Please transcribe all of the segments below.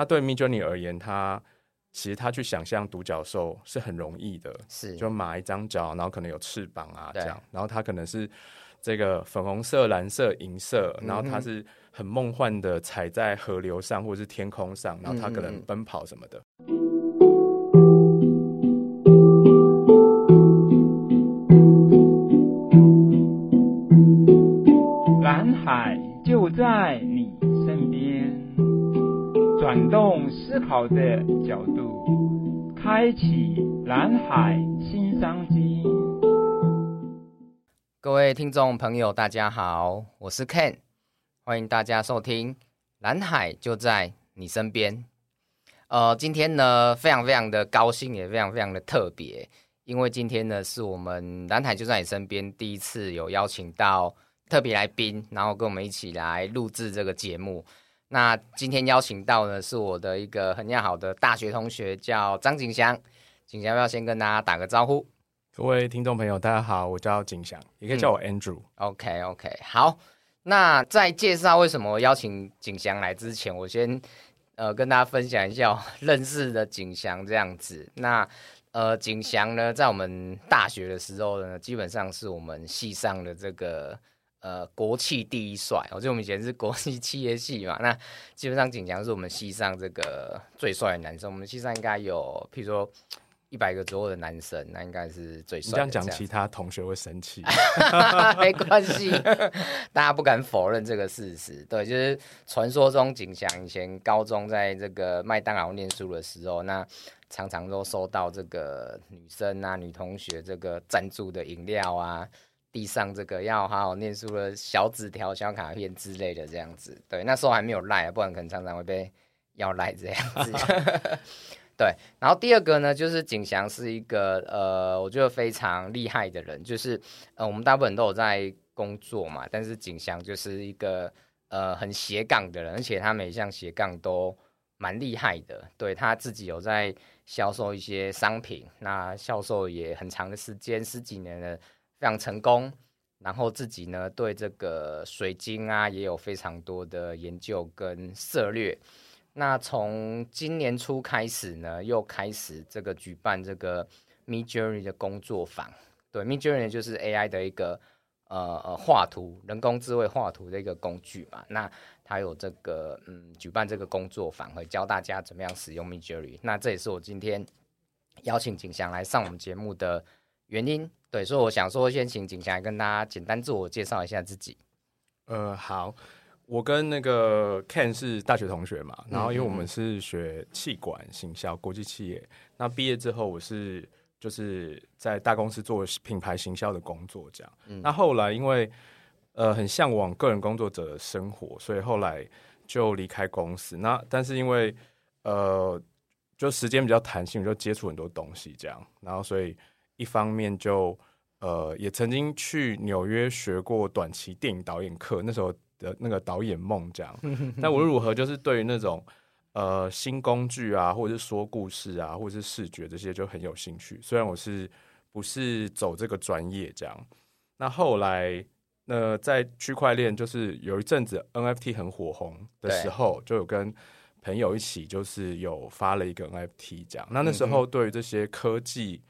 他對 Mid Journey 而言，他其實他去想象獨角獸是很容易的，是就馬一張腳，然後可能有翅膀啊這樣，對然後它可能是這個粉紅色、藍色、銀色，嗯、哼然後它是很夢幻的，踩在河流上或者是天空上，然後它可能奔跑什麼的。嗯、哼藍海就在你。轉動思考的角度，開啟藍海新商機。各位聽眾朋友，大家好，我是 Ken，歡迎大家收聽《藍海就在你身邊》。呃，今天呢，非常非常的高興，也非常非常的特別，因為今天呢，是我們《藍海就在你身邊》第一次有邀請到特別來賓，然後跟我們一起來錄製這個節目。那今天邀請到的是我的一個很要好的大學同學，叫張景翔。景翔，要不要先跟大家打個招呼？各位聽眾朋友，大家好，我叫景翔，也可以叫我 Andrew。嗯、OK，OK，okay, okay, 好。那在介紹為什麼邀請景翔來之前，我先呃跟大家分享一下我認識的景翔這樣子。那呃，景翔呢，在我們大學的時候呢，基本上是我們系上的這個。呃，國企第一帥，我記得我們以前是國際企業系嘛，那基本上景祥是我們系上這個最帥的男生。我們系上應該有，譬如說一百個左右的男生，啊，那應該是最帥。你這樣講，其他同學會生氣。 沒關係，大家不敢否認這個事實。對，就是傳說中景祥以前高中在這個麥當勞念書的時候，那常常都收到這個女生啊、女同學這個贊助的飲料啊。地上這個要好好念書的小紙條、小卡片之類的，這樣子。對，那時候還沒有賴、like 啊，不然可能常常會被要賴、like、這樣子。 對，然後第二個呢，就是景翔是一個呃，我覺得非常厲害的人。就是呃，我們大部分都有在工作嘛，但是景翔就是一個呃很斜槓的人，而且他每一項斜槓都蠻厲害的。對，他自己有在銷售一些商品，那銷售也很長的時間，十幾年了。非常成功，然後自己呢對這個水晶啊也有非常多的研究跟涉獵。那從今年初開始呢，又開始這個舉辦這個 Midjourney 的工作坊。對，Midjourney 就是 AI 的一個呃呃畫圖，人工智慧畫圖的一個工具嘛。那他有這個嗯舉辦這個工作坊，會教大家怎麼樣使用 Midjourney。那這也是我今天邀請景翔來上我們節目的原因。對，所以我想說，先請景翔來跟大家簡單自我介紹一下自己。呃，好，我跟那個 Ken 是大學同學嘛，嗯、然後因為我們是學企管、行銷、國際企業，那畢業之後，我是就是在大公司做品牌行銷的工作，這樣。嗯、那後來因為呃很向往個人工作者的生活，所以後來就離開公司。那但是因為呃就時間比較彈性，我就接觸很多東西，這樣。然後所以。一方面就呃也曾經去紐約學過短期電影導演課，那時候的那個導演夢這樣。那無論如何，就是對於那種呃新工具啊，或者是說故事啊，或者是視覺這些，就很有興趣。雖然我是不是走這個專業這樣。那後來那在區塊鏈，就是有一陣子 NFT 很火紅的時候，對就有跟朋友一起就是有發了一個 NFT 這樣。嗯、哼那那時候對於這些科技。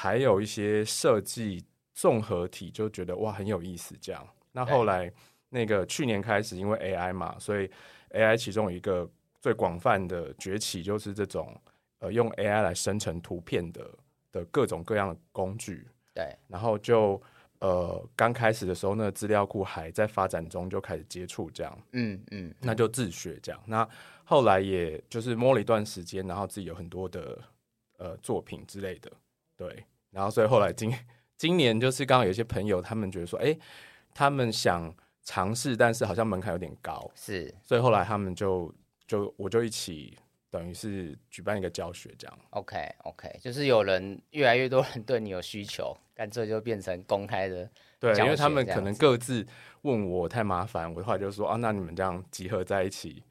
還有一些設計綜合體就覺得哇，很有意思，這樣。那後來對那個去年開始，因為 AI 嘛，所以 AI 其中一個最廣泛的崛起就是這種呃用 AI 來生成圖片的的各種各樣的工具。對。然後就呃剛開始的時候，那個資料庫還在發展中，就開始接觸這樣。嗯嗯。嗯嗯那就自學這樣。那後來也就是摸了一段時間，然後自己有很多的呃作品之類的。對，然後所以後來今今年就是剛好有些朋友他們覺得說，哎、欸，他們想嘗試，但是好像門檻有點高，是，所以後來他們就就我就一起等於是舉辦一個教學這樣。OK OK，就是有人越來越多人對你有需求，但這就變成公開的。對，因為他們可能各自問我，我太麻煩，我的話就說啊，那你們這樣集合在一起，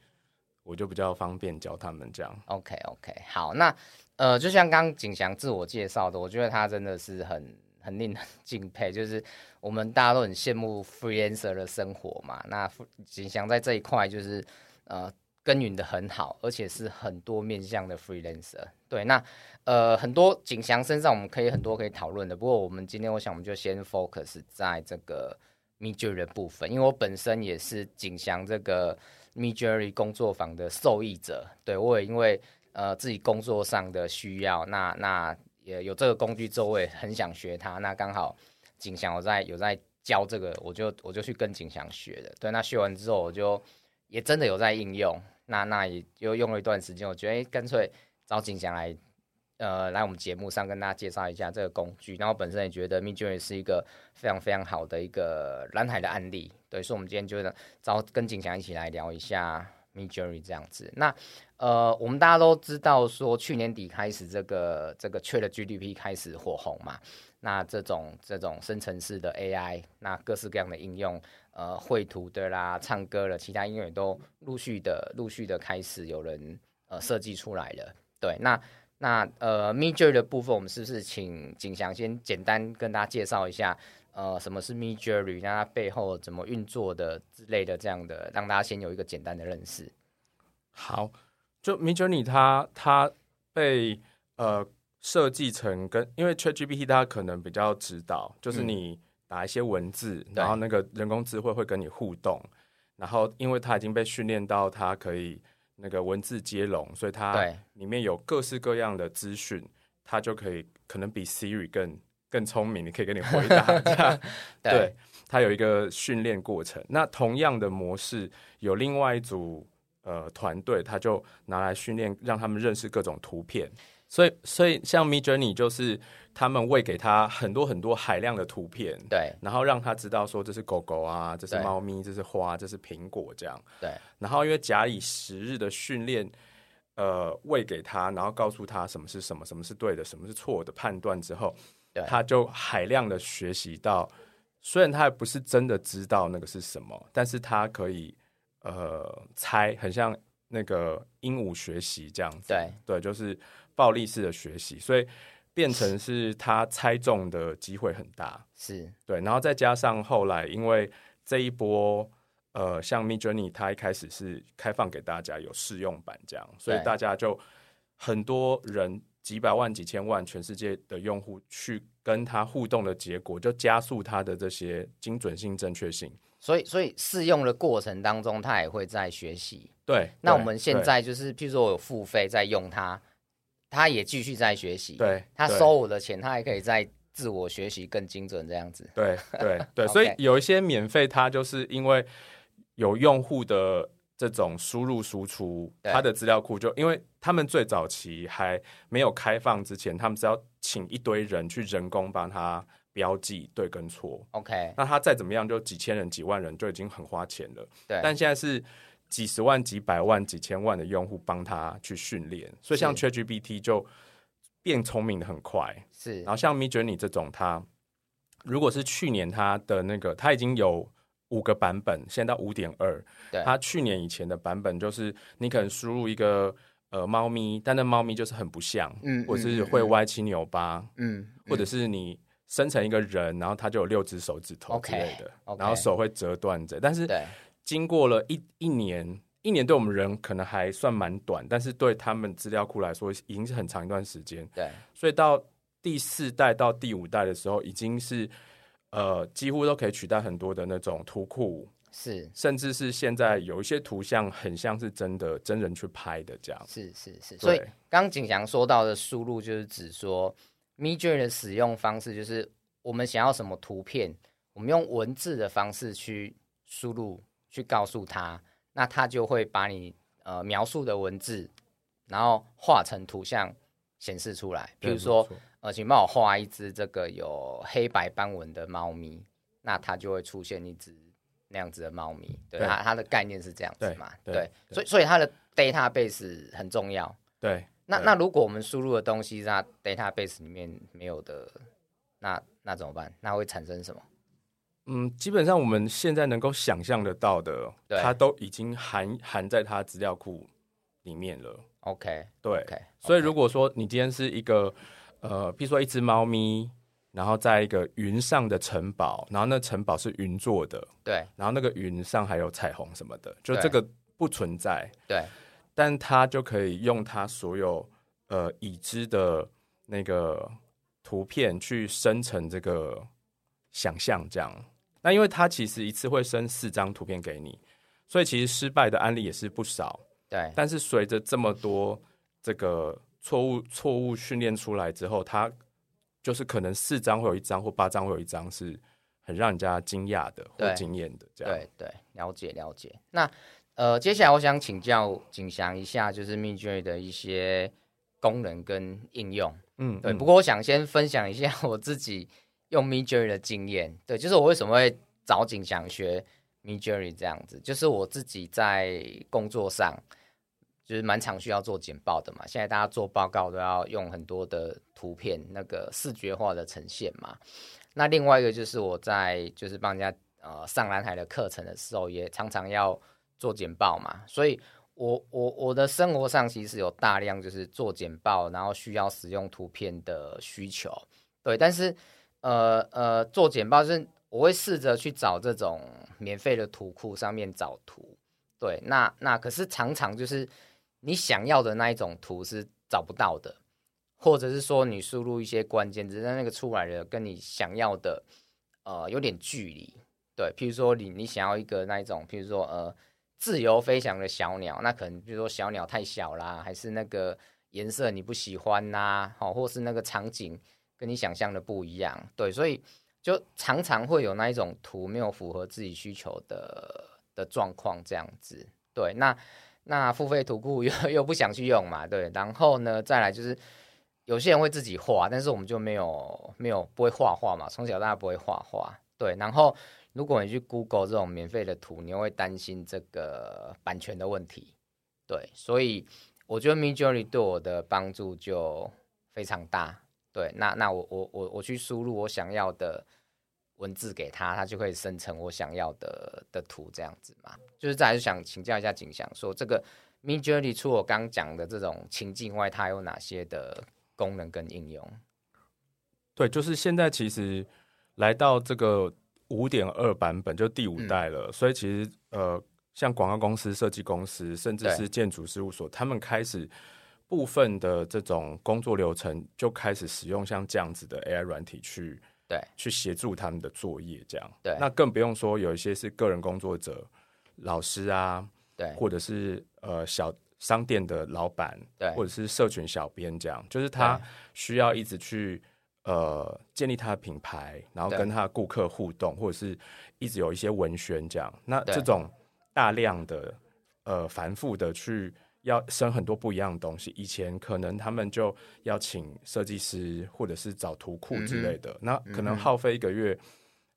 我就比較方便教他們這樣。OK OK，好，那。呃，就像剛剛景翔自我介紹的，我覺得他真的是很很令人敬佩，就是我們大家都很羨慕 freelancer 的生活嘛。那景翔在這一塊就是呃耕耘的很好，而且是很多面向的 freelancer。對，那呃很多景翔身上我們可以很多可以討論的。不過我們今天我想我們就先 focus 在這個 Midjourney 的部分，因為我本身也是景翔這個 Midjourney 工作坊的受益者，對我也因為。呃，自己工作上的需要，那那也有這個工具之後，我也很想學它。那剛好景翔我在有在教這個，我就我就去跟景翔學的。對，那學完之後，我就也真的有在應用。那那也又用了一段時間，我覺得欸，乾脆找景翔來，呃，來我們節目上跟大家介紹一下這個工具。然後我本身也覺得 Midjourney 也是一個非常非常好的一個藍海的案例，對，所以說我們今天就找跟景翔一起來聊一下。Midjourney 這樣子，那呃，我們大家都知道，說去年底開始，這個，這個這個 ChatGPT 開始火紅嘛，那這種這種生成式的 AI，那各式各樣的應用，呃，繪圖的啦，唱歌了，其他音樂都陸續的陸續的開始有人呃設計出來了，對，那那呃 Midjourney 的部分，我們是不是請景翔先簡單跟大家介紹一下？呃，什麼是 Midjourney？那它背後怎麼運作的之類的，這樣的，讓大家先有一個簡單的認識。好，就 Midjourney 它它被呃設計成跟因為 ChatGPT 它可能比較指導，就是你打一些文字，嗯、然後那個人工智慧會跟你互動，對然後因為它已經被訓練到它可以那個文字接龍，所以它裡面有各式各樣的資訊，它對就可以可能比 Siri 更。更聰明，你可以給你回答一下。 對，對他有一個訓練過程。那同樣的模式，有另外一組呃團隊，他就拿來訓練，讓他們認識各種圖片。所以，所以像 Midjourney 就是他們餵給他很多很多海量的圖片，對，然後讓他知道說這是狗狗啊，這是貓咪，這是花，這是蘋果這樣。對，然後因為假以時日的訓練，呃，餵給他，然後告訴他什麼是什麼，什麼是對的，什麼是錯的判斷之後。他就海量的學習到，雖然他也不是真的知道那個是什麼，但是他可以呃猜，很像那個鸚鵡學習這樣子。對，對，就是暴力式的學習，所以變成是他猜中的機會很大。是對，然後再加上後來，因為這一波呃，像 Mid Journey，他一開始是開放給大家有試用版這樣，所以大家就對很多人，幾百萬、幾千萬全世界的用戶去跟他互動的結果，就加速他的這些精準性、正確性。所以，所以試用的過程當中，他也會在學習。對，那我們現在就是，對譬如說，我有付費在用它，他也繼續在學習。對，他收我的錢，他還可以在自我學習更精準，這樣子。對，對，對。所以有一些免費，它就是因為有用戶的。這種輸入輸出，對他的資料庫就，因為他們最早期還沒有開放之前，他們是要請一堆人去人工幫他標記對跟錯。OK，那他再怎麼樣就幾千人、幾萬人就已經很花錢了。對但現在是幾十萬、幾百萬、幾千萬的用戶幫他去訓練，是所以像 ChatGPT 就變聰明的很快。是，然後像 Midjourney 這種，他如果是去年他的那個，他已經有。五個版本，現在到五點二。它，對去年以前的版本就是，你可能輸入一個呃貓咪，但那貓咪就是很不像，嗯，或者是會歪七扭八，嗯，或者是你生成一個人，然後它就有六隻手指頭之類的，okay, okay. 然後手會折斷着。但是，經過了一一年，一年對我們人可能還算蠻短，但是對他們資料庫來說，已經是很長一段時間。對，所以到第四代到第五代的時候，已經是。呃，幾乎都可以取代很多的那種圖庫，是，甚至是現在有一些圖像很像是真的真人去拍的這樣，是是是。對所以，剛剛景翔說到的輸入，就是指說 Midjourney 的使用方式，就是我們想要什麼圖片，我們用文字的方式去輸入，去告訴他，那他就會把你呃描述的文字，然後畫成圖像顯示出來，比對如說。哦，請幫我畫一只這個有黑白斑紋的貓咪，那它就會出現一只那樣子的貓咪。對它，它對的概念是這樣子嘛？對、對、對，所，所以所以它的 database 很重要。對，那對那如果我們輸入的東西在 database 裡面沒有的，那那怎麼辦？那會產生什麼？嗯，基本上我們現在能夠想象得到的，它對都已經含含在它資料庫裡面了。OK，對，okay, 所以如果說你今天是一個。呃，譬如說一隻貓咪，然後在一個雲上的城堡，然後那城堡是雲做的，對。然後那個雲上還有彩虹什麼的，就這個不存在，對。但它就可以用它所有呃已知的那個圖片去生成這個想象，這樣。那因為它其實一次會生四張圖片給你，所以其實失敗的案例也是不少，對。但是隨着這麼多這個。錯誤錯誤訓練出來之後，它就是可能四張會有一張，或八張會有一張，是很讓人家驚訝的對或驚艷的。這樣對對，了解了解。那呃，接下來我想請教景翔一下，就是 Midjourney 的一些功能跟應用。嗯，對。不過我想先分享一下我自己用 Midjourney 的經驗。對，就是我為什麼會找景翔學 Midjourney 這樣子，就是我自己在工作上，就是蠻常需要做簡報的嘛，現在大家做報告都要用很多的圖片，那個視覺化的呈現嘛。那另外一個就是我在就是幫人家呃上藍海的課程的時候，也常常要做簡報嘛，所以我我我的生活上其實有大量就是做簡報，然後需要使用圖片的需求。對，但是呃呃做簡報就是我會試着去找這種免費的圖庫上面找圖。對，那那可是常常就是。你想要的那一種圖是找不到的，或者是說你輸入一些關鍵字，但那個出來的跟你想要的呃有點距離。對，譬如說你你想要一個那一種，譬如說呃自由飛翔的小鳥，那可能比如說小鳥太小啦，還是那個顏色你不喜歡吶，好、哦，或是那個場景跟你想象的不一樣。對，所以就常常會有那一種圖沒有符合自己需求的的狀況這樣子。對，那。那付費圖庫又又不想去用嘛，對，然後呢，再來就是有些人會自己畫，但是我們就沒有沒有不會畫畫嘛，從小到大不會畫畫，對，然後如果你去 Google 這種免費的圖，你又會擔心這個版權的問題，對，所以我覺得 Midjourney 對我的幫助就非常大，對，那那我我我我去輸入我想要的。文字給他，他就可以生成我想要的的圖，這樣子嘛。就是再就想請教一下景翔說，說這個 Midjourney 除我剛講的這種情境外，它有哪些的功能跟應用？對，就是現在其實來到這個五點二版本，就第五代了。嗯、所以其實呃，像廣告公司、設計公司，甚至是建築事務所，對他們開始部分的這種工作流程就開始使用像這樣子的 AI 軟體去。對，去協助他們的作業這樣。對那更不用說有一些是個人工作者、老師啊，對，或者是呃小商店的老板，對，或者是社群小編這樣，就是他需要一直去對呃建立他的品牌，然後跟他的顧客互動，對或者是一直有一些文宣這樣。那這種大量的呃繁複的去。要生很多不一樣的東西，以前可能他們就要請設計師或者是找圖庫之類的，嗯、哼那可能耗費一個月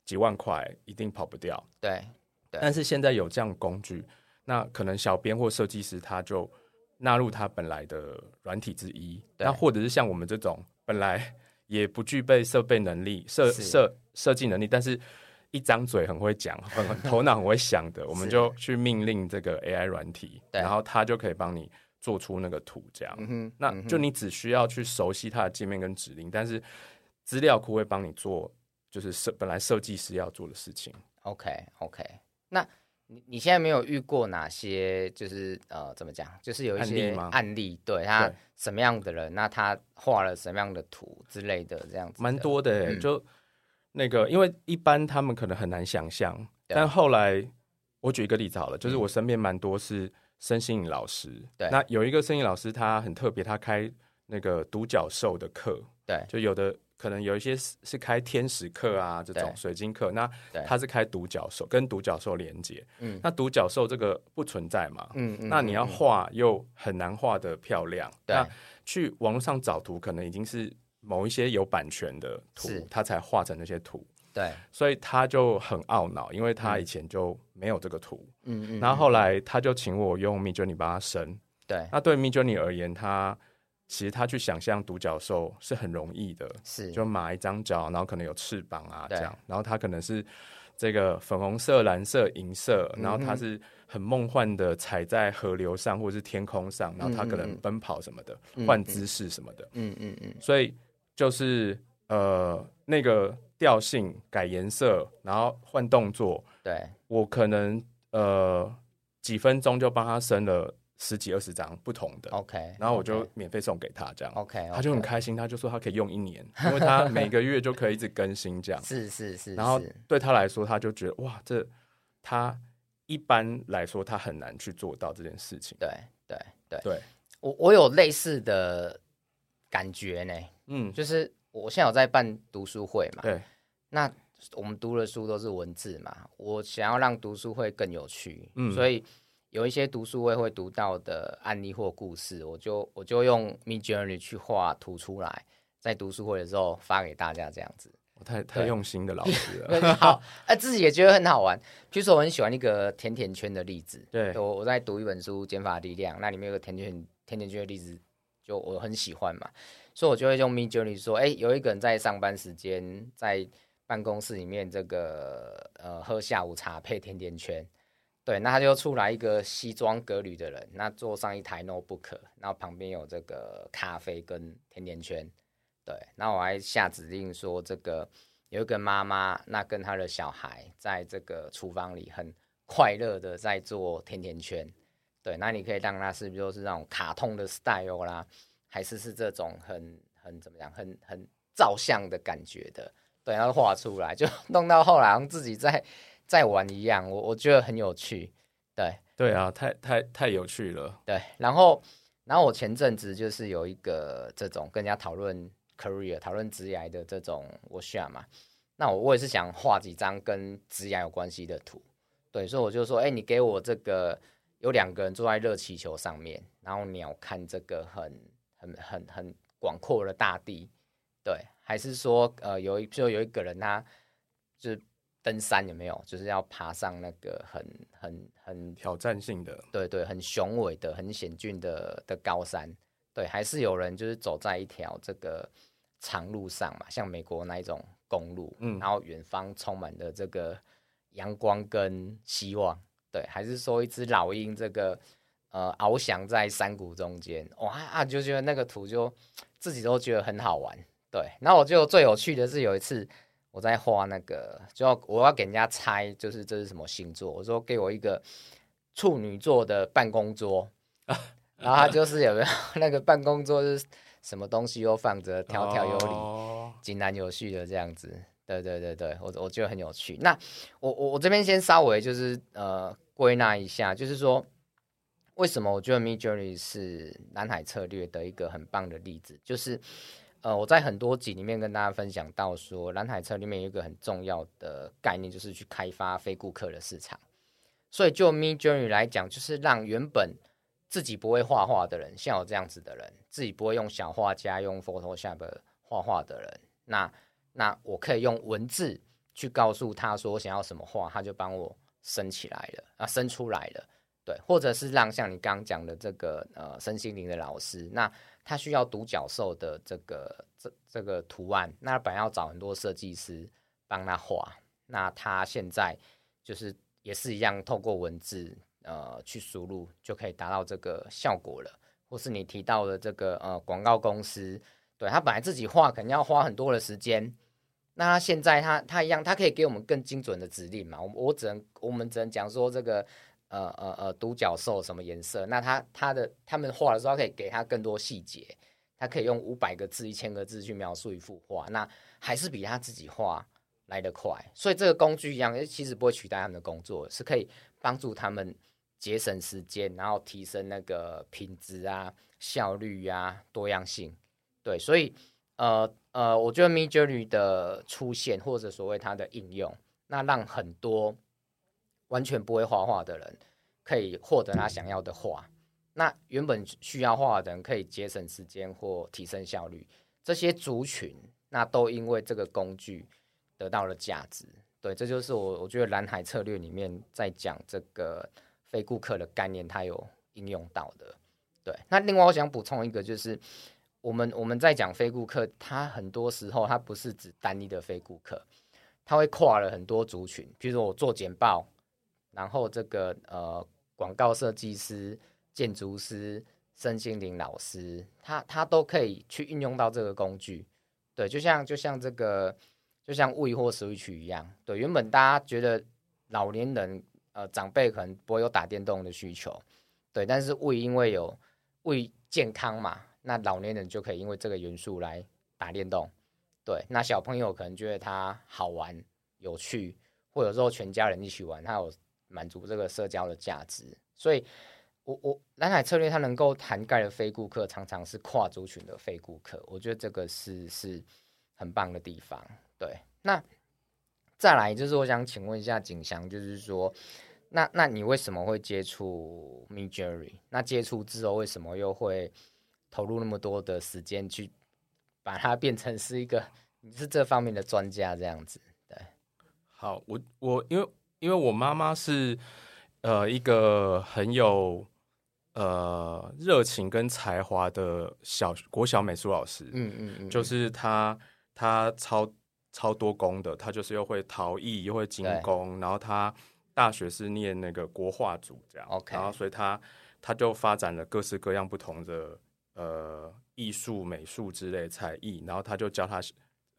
幾萬塊，一定跑不掉。對，對。但是現在有這樣的工具，那可能小編或設計師他就納入他本來的軟體之一，對那或者是像我們這種本來也不具備設備能力、設設設計能力，但是。一張嘴很會講，很頭腦很會想的， 是我們就去命令這個 AI 軟體，對然後它就可以幫你做出那個圖，這樣。嗯、哼那就你只需要去熟悉它的界面跟指令，嗯、哼但是資料庫會幫你做，就是設本來設計師要做的事情。OK OK，那你你現在沒有遇過哪些就是呃怎麼講？就是有一些案例，案例嗎？對，他什麼樣的人，對那他畫了什麼樣的圖之類的，這樣子蠻多的，嗯、就。那個，因為一般他們可能很難想象，對但後來我舉一個例子好了，就是我身邊蠻多是身心靈老師。嗯、對，那有一個身心靈老師，他很特別，他開那個獨角獸的課。對，就有的可能有一些是開天使課啊，嗯、這種水晶課。對那他是開獨角獸，跟獨角獸連接。嗯。那獨角獸這個不存在嘛？嗯嗯。嗯那你要畫又很難畫得漂亮。對那去網絡上找圖，可能已經是。某一些有版權的圖，是他才畫成那些圖。對，所以他就很懊惱，因為他以前就沒有這個圖。嗯嗯。然後後來他就請我用 Midjourney 幫他生。對。那對 Midjourney 而言，他其實他去想象獨角獸是很容易的，是就馬一張腳，然後可能有翅膀啊這樣，對然後它可能是這個粉紅色、藍色、銀色，然後它是很夢幻的，踩在河流上或者是天空上，然後它可能奔跑什麼的，換、嗯嗯、姿勢什麼的。嗯嗯嗯。所以。就是呃，那個調性改顏色，然後換動作。對，我可能呃幾分鐘就幫他生了十幾二十張不同的。OK，然後我就免費送給他這樣。OK，他就很開心，他就說他可以用一年，okay, okay. 因為他每個月就可以一直更新這樣。是是是。然後對他來說，他就覺得哇，這他一般來說他很難去做到這件事情。對對對對，對對對我我有類似的感覺呢。嗯，就是我現在有在辦讀書會嘛，對，那我們讀的書都是文字嘛，我想要讓讀書會更有趣，嗯，所以有一些讀書會會讀到的案例或故事，我就我就用 Mid Journey 去畫圖出來，在讀書會的時候發給大家，這樣子，我太太用心的老師了，對 好，哎、啊，自己也覺得很好玩，譬如說我很喜歡一個甜甜圈的例子，對我我在讀一本書《減法的力量》，那裡面有個甜甜甜甜圈的例子，就我很喜歡嘛。所以我就會用 Midjourney 說，誒、欸，有一個人在上班時間，在辦公室裡面，這個呃喝下午茶配甜甜圈，對，那他就出來一個西裝革履的人，那坐上一台 notebook，然後旁邊有這個咖啡跟甜甜圈，對，那我還下指令說，這個有一個媽媽，那跟她的小孩在這個廚房裡，很快樂的在做甜甜圈，對，那你可以讓他是不是就是那種卡通的 style 啦。還是是這種很很怎麼樣，很很照相的感覺的，對，然後畫出來就弄到後來，自己在在,在玩一樣，我我覺得很有趣，對，對啊，太太太有趣了，對，然後然後我前陣子就是有一個這種跟人家討論 career 討論職業的這種我想、er、嘛，那我我也是想畫幾張跟職業有關係的圖，對，所以我就說，哎、欸，你給我這個有兩個人坐在熱氣球上面，然後你要看這個很。很很很廣闊的大地，對，還是說呃有一就有一個人他就是登山有沒有？就是要爬上那個很很很挑戰性的，對對，很雄偉的、很險峻的的高山，對，還是有人就是走在一條這個長路上嘛，像美國那一種公路，嗯，然後遠方充滿了這個陽光跟希望，對，還是說一隻老鷹這個。呃，翱翔在山谷中間，哇，就覺得那個圖就自己都覺得很好玩。對，那我就最有趣的是有一次我在畫那個，就要我要給人家猜，就是這是什麼星座。我說給我一個處女座的辦公桌， 然後他就是有沒有那個辦公桌是什麼東西都放着，條條有理、井、oh. 然有序的這樣子。對對對對，我我覺得很有趣。那我我我這邊先稍微就是呃歸納一下，就是說。為什麼我覺得 Mid Journey 是藍海策略的一個很棒的例子？就是，呃，我在很多集裡面跟大家分享到說，藍海策略裡面有一個很重要的概念，就是去開發非顧客的市場，所以就 Mid Journey 來講，就是讓原本自己不會畫畫的人，像我這樣子的人，自己不會用小畫家用 Photoshop 畫畫的人，那那我可以用文字去告訴他說我想要什麼畫，他就幫我生起來了，啊，生出來了。對，或者是讓像你剛剛講的這個呃身心靈的老師，那他需要獨角獸的這個這這個圖案，那本來要找很多設計師幫他畫，那他現在就是也是一樣，透過文字呃去輸入就可以達到這個效果了。或是你提到的這個呃廣告公司，對他本來自己畫肯定要花很多的時間，那他現在他，他一樣，他可以給我們更精準的指令嘛，我我只能我們只能講說這個。呃呃呃，獨角獸什麼顏色？那他他的他們畫的時候可以給他更多細節，他可以用五百個字、一千個字去描述一幅畫，那還是比他自己畫來得快。所以這個工具一樣，其實不會取代他們的工作，是可以幫助他們節省時間，然後提升那個品質啊、效率啊、多樣性。對，所以呃呃，我覺得 Midjourney 的出現或者所謂它的應用，那讓很多完全不會畫畫的人可以獲得他想要的畫，那原本需要畫的人可以節省時間或提升效率，這些族群那都因為這個工具得到了價值。對，這就是我我覺得藍海策略裡面在講這個非顧客的概念，它有應用到的。對，那另外我想補充一個，就是我們我們在講非顧客，它很多時候它不是指單一的非顧客，它會跨了很多族群。比如說我做簡報。然後這個呃，廣告設計師、建築師、身心靈老師，他他都可以去運用到這個工具，對，就像就像這個就像 Wii 或 Switch 一樣，對，原本大家覺得老年人呃長輩可能不會有打電動的需求，對，但是 Wii 因為有 Wii 健康嘛，那老年人就可以因為這個元素來打電動，對，那小朋友可能覺得它好玩有趣，或者說全家人一起玩，它有。滿足這個社交的價值，所以我，我我藍海策略它能夠涵蓋的非顧客常常是跨族群的非顧客，我覺得這個是是很棒的地方。對，那再來就是我想請問一下景翔，就是說，那那你為什麼會接觸 Mid Journey 那接觸之後，為什麼又會投入那麼多的時間去把它變成是一個你是這方面的專家這樣子？對，好，我我因為。因為我媽媽是，呃，一個很有，呃，熱情跟才華的小國小美術老師，嗯，嗯嗯嗯，就是她，她超超多功的，她就是又會陶藝，又會金工，對然後她大學是念那個國畫組這樣，Okay 然後所以她，她就發展了各式各樣不同的呃藝術、美術之類才藝，然後她就教她。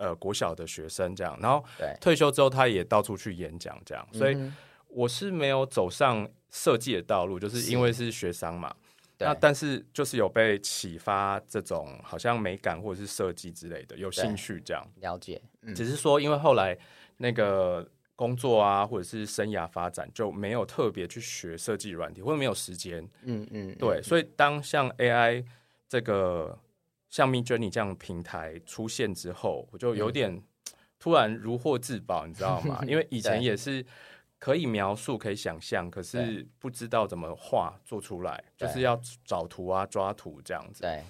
呃，國小的學生這樣，然後退休之後，他也到處去演講這樣。對所以我是沒有走上設計的道路，就是因為是學商嘛。那但是就是有被啟發這種好像美感或者是設計之類的有興趣這樣了解。嗯、只是說因為後來那個工作啊或者是生涯發展就沒有特別去學設計軟體，或者沒有時間、嗯。嗯嗯，對。所以當像 AI 這個。像 Mid Journey 這樣的平台出現之後，我就有點突然如獲至寶，嗯、你知道嗎？ 因為以前也是可以描述、可以想象，可是不知道怎麼畫做出來，對就是要找圖啊、抓圖這樣子。對，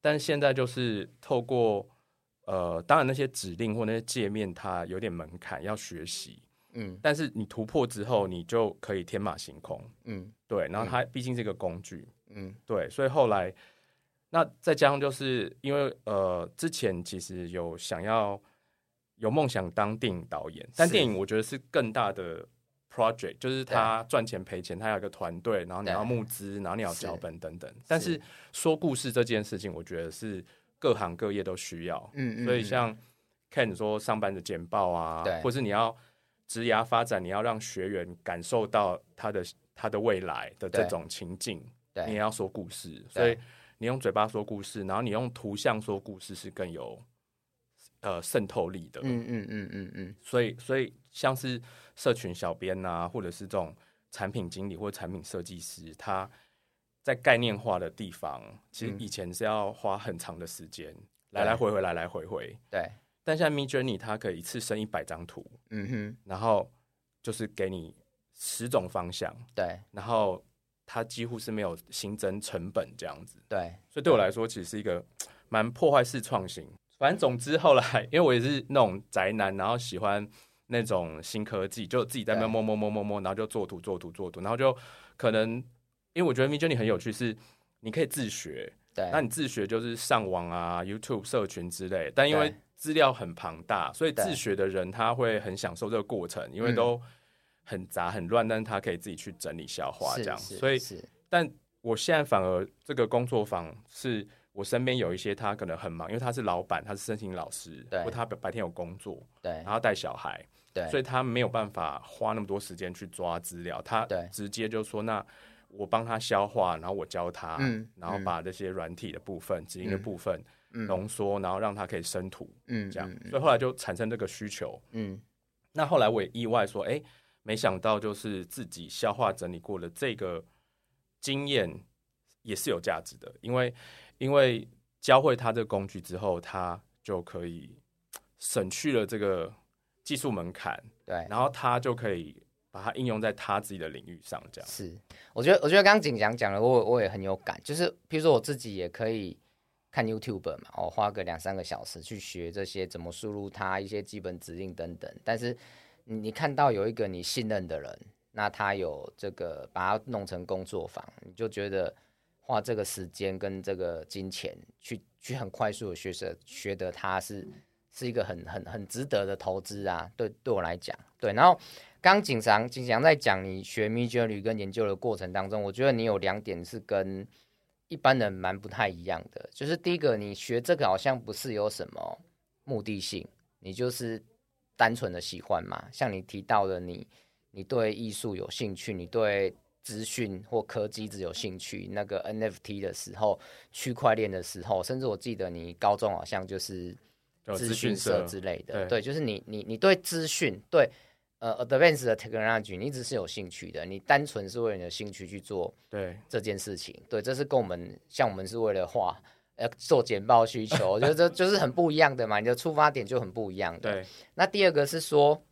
但現在就是透過呃，當然那些指令或那些界面，它有點門檻，要學習。嗯，但是你突破之後，你就可以天馬行空。嗯，對。然後它畢竟是一個工具。嗯，對，所以後來。那再加上就是因為呃，之前其實有想要有夢想當電影導演，是但電影我覺得是更大的 project，就是他賺錢賠錢，他對有一個團隊，然後你要募資，然後你要腳本等等。是但是說故事這件事情，我覺得是各行各業都需要，嗯，所以像 Ken 說上班的簡報啊，對，或是你要職涯發展，你要讓學員感受到他的他的未來的這種情境，對，對你也要說故事，所以。你用嘴巴說故事，然後你用圖像說故事是更有呃滲透力的。嗯嗯嗯嗯嗯。嗯嗯嗯嗯，所以所以像是社群小編啊，或者是這種產品經理或產品設計師，他在概念化的地方，嗯、其實以前是要花很長的時間，來來回回來來回回。對。但像 MJ 他可以一次生一百張圖，嗯哼，然後就是給你十種方向。對。然後。它幾乎是沒有新增成本這樣子，對，所以對我來說其實是一個蠻對破壞式創新。反正總之後來，因為我也是那種宅男，然後喜歡那種新科技，就自己在那邊摸摸摸摸摸，然後就做圖做圖做圖，然後就可能因為我覺得 Midjourney 很有趣，是你可以自學，對，那你自學就是上網啊、YouTube 社群之類，但因為資料很龐大，所以自學的人他會很享受這個過程，對因為都。嗯很雜很亂，但是他可以自己去整理消化這樣，所以，但我現在反而這個工作坊是我身邊有一些他可能很忙，因為他是老闆，他是申請老師，對，他白天有工作，對，然後帶小孩，對，所以他沒有辦法花那麼多時間去抓資料，他直接就說那我幫他消化，然後我教他，然後把這些軟體的部分、指令的部分濃縮，然後讓他可以生圖，嗯，這樣，所以後來就產生這個需求，嗯，那後來我也意外說，誒……’沒想到，就是自己消化整理過了這個經驗也是有價值的，因為因為教會他這個工具之後，他就可以省去了這個技術門檻，對，然後他就可以把它應用在他自己的領域上。這樣是，我覺得我覺得剛剛景翔講的我，我我也很有感，就是譬如說我自己也可以看 YouTube 嘛，我花個兩三個小時去學這些怎麼輸入它一些基本指令等等，但是。你看到，有一個你信任的人，那他有這個，把他弄成工作坊，你就覺得花這個時間跟這個金錢去去很快速的學習，學得他是是一個很很很值得的投資啊。對，對我來講，對。然後剛經，剛景翔景翔在講你學 Mid Journey 跟研究的過程當中，我覺得你有兩點是跟一般人蠻不太一樣的，就是第一個，你學這個好像不是有什麼目的性，你就是。單純的喜歡嘛，像你提到的，你，你對藝術有興趣，你對資訊或科技一直有興趣。那個 NFT 的時候，區塊鏈的時候，甚至我記得你高中好像就是資訊社之類的，哦、對，對，就是你你你對資訊對呃 advanced technology 你一直是有興趣的，你單純是為你的興趣去做對這件事情，對，對，這是跟我們像我們是為了畫。呃，做簡報需求，我覺得這就是很不一樣的嘛，你的出發點就很不一樣的。對，那第二個是說，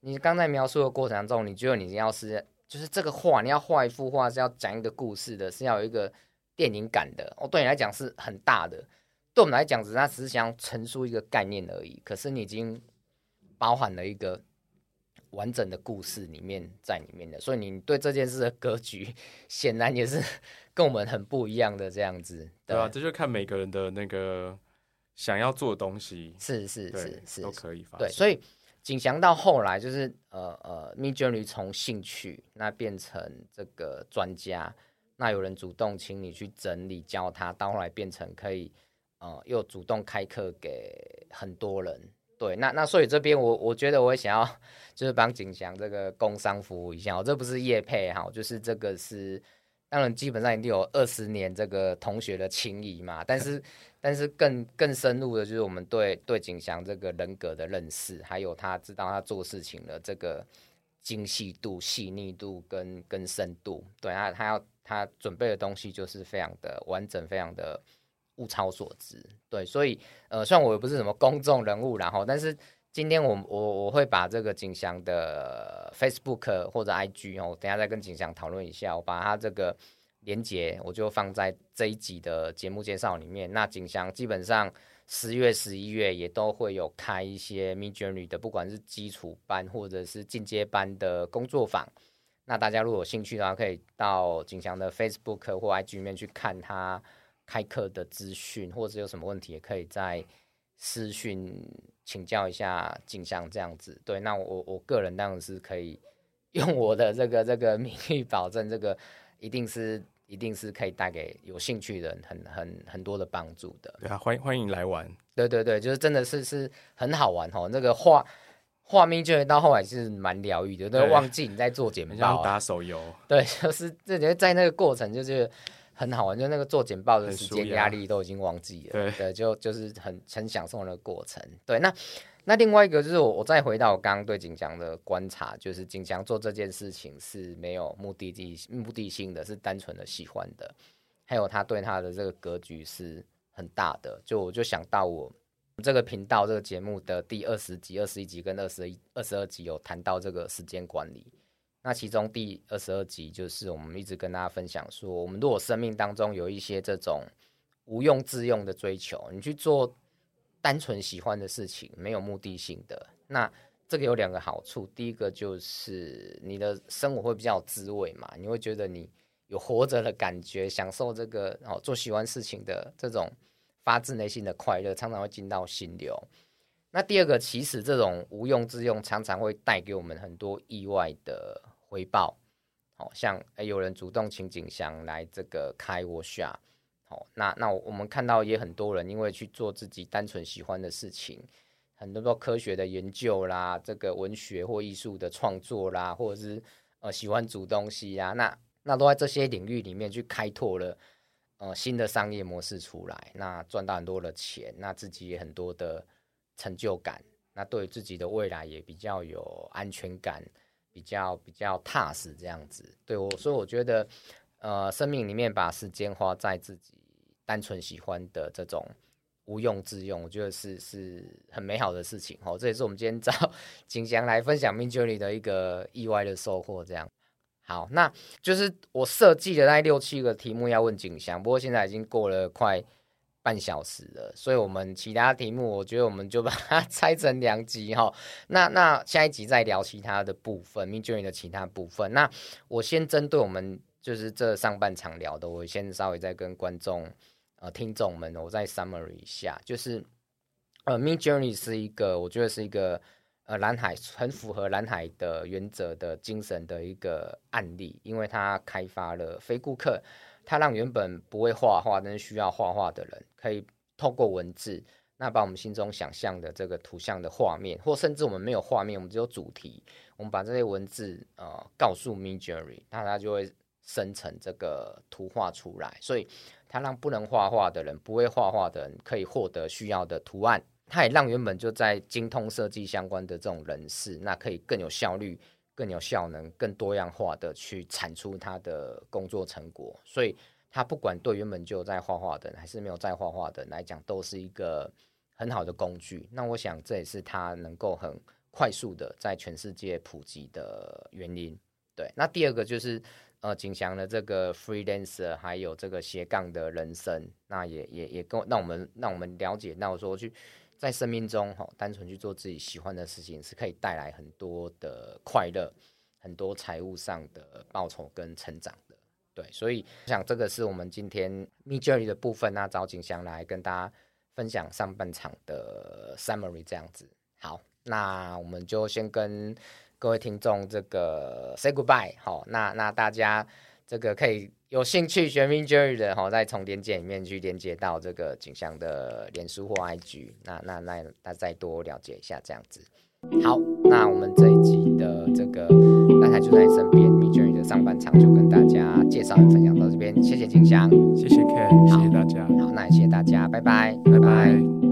你剛才描述的過程中，你覺得你要是就是這個畫，你要畫一幅畫是要講一個故事的，是要有一個電影感的。哦，對你來講是很大的，對我們來講，只是他只是想要陳述一個概念而已。可是你已經包含了一個。完整的故事裡面，在裡面的。所以你對這件事的格局，顯然也是跟我們很不一樣的這樣子。對，對啊，這就看每個人的那個想要做的東西。是是是是，都可以發。對，所以景翔到後來就是呃呃，Mid Journey 從興趣那變成這個專家，那有人主動請你去整理教他，到後來變成可以呃又主動開課給很多人。對，那那所以這邊我我覺得我也想要就是幫景翔這個工商服務一下，我這不是業配哈，就是這個是當然基本上已經有二十年這個同學的情誼嘛，但是但是更更深入的就是我們對對景翔這個人格的認識，還有他知道他做事情的這個精細度、細膩度跟跟深度，對啊，他要他準備的東西就是非常的完整，非常的。物超所值，對，所以呃，雖然我也不是什麼公眾人物，然後，但是今天我我我會把這個景翔的 Facebook 或者 IG 哦，等下再跟景翔討論一下，我把他這個連接，我就放在這一集的節目介紹裡面。那景翔基本上十月、十一月也都會有開一些 Mid Journey 的，不管是基礎班或者是進階班的工作坊，那大家如果有興趣的話，可以到景翔的 Facebook 或 IG 裡面去看他開課的資訊，或者有什麼問題也可以在私訊請教一下景翔這樣子。對，那我我個人當然是可以用我的這個這個名譽保證，這個一定是一定是可以帶給有興趣的人很很很多的幫助的。對啊，歡迎歡迎來玩。對對對，就是真的是是很好玩哦。那個畫畫面就會到後來是蠻療癒的，都對忘記你在做簡報、啊，打手遊。對，就是就覺得在那個過程就是。很好玩，就那個做簡報的時間壓力都已經忘記了，對，對，就就是很很享受那個過程。對，那那另外一個就是我我再回到我剛剛對景翔的觀察，就是景翔做這件事情是沒有目的地、目的性的，是單純的喜歡的，還有他對他的這個格局是很大的。就我就想到我這個頻道這個節目的第二十集、二十一集跟二十一、二十二集有談到這個時間管理。那其中第二十二集，就是我們一直跟大家分享說，我們如果生命當中有一些這種無用之用的追求，你去做單純喜歡的事情，沒有目的性的，那這個有兩個好處。第一個就是你的生活會比較有滋味嘛，你會覺得你有活着的感覺，享受這個哦做喜歡事情的這種發自內心的快樂，常常會進到心流。那第二個，其實這種無用之用常常會帶給我們很多意外的。回報，好、哦、像，誒、欸，有人主動請景翔來這個開 workshop。好，那那我們看到也很多人因為去做自己單純喜歡的事情，很多做科學的研究啦，這個文學或藝術的創作啦，或者是呃喜歡煮東西呀、啊，那那都在這些領域裡面去開拓了呃新的商業模式出來，那賺到很多的錢，那自己也很多的成就感，那對自己的未來也比較有安全感。比較比較踏實這樣子，對，我所以我覺得，呃，生命裡面把時間花在自己單純喜歡的這種無用之用，我覺得是是很美好的事情哦。這也是我們今天找景翔來分享 Mid Journey 的一個意外的收穫。這樣好，那就是我設計的那六七個題目要問景翔，不過現在已經過了快。半小時了，所以我們其他題目，我覺得我們就把它拆成兩集哈。那那下一集再聊其他的部分，Midjourney 的其他部分。那我先針對我們就是這上半場聊的，我先稍微再跟觀眾呃聽眾們，我再 summary 一下，就是呃 Midjourney 是一個，我覺得是一個呃藍海，很符合藍海的原則的精神的一個案例，因為它開發了非顧客。它讓原本不會畫畫、但是需要畫畫的人，可以透過文字，那把我們心中想象的這個圖像的畫面，或甚至我們沒有畫面，我們只有主題，我們把這些文字呃告訴 Midjourney，那它就會生成這個圖畫出來。所以，它讓不能畫畫的人、不會畫畫的人可以獲得需要的圖案。它也讓原本就在精通設計相關的這種人士，那可以更有效率。更有效能、更多樣化的去產出他的工作成果，所以他不管對原本就在畫畫的，還是沒有在畫畫的來講，都是一個很好的工具。那我想這也是他能夠很快速的在全世界普及的原因。對，那第二個就是呃，景翔的這個 freelancer，還有這個斜槓的人生，那也也也跟讓我，我們讓我們了解到說去。在生命中，哈，單純去做自己喜歡的事情，是可以帶來很多的快樂，很多財務上的報酬跟成長的，對。所以我想這個是我們今天蜜 j o r n y 的部分，啊，那找景祥來跟大家分享上半場的 summary 這樣子。好，那我們就先跟各位聽眾這個 say goodbye，好，哦，那那大家這個可以。有興趣學 Mid Journey 的吼，再從連接裡面去連接到這個景翔的臉書或 IG，那那那那再多了解一下這樣子。好，那我們這一集的這個藍海就在你身邊 Mid Journey 的上半場就跟大家介紹分享到這邊，謝謝景翔，謝謝 Ken 好謝謝大家，好，那也謝謝大家，拜拜，拜拜。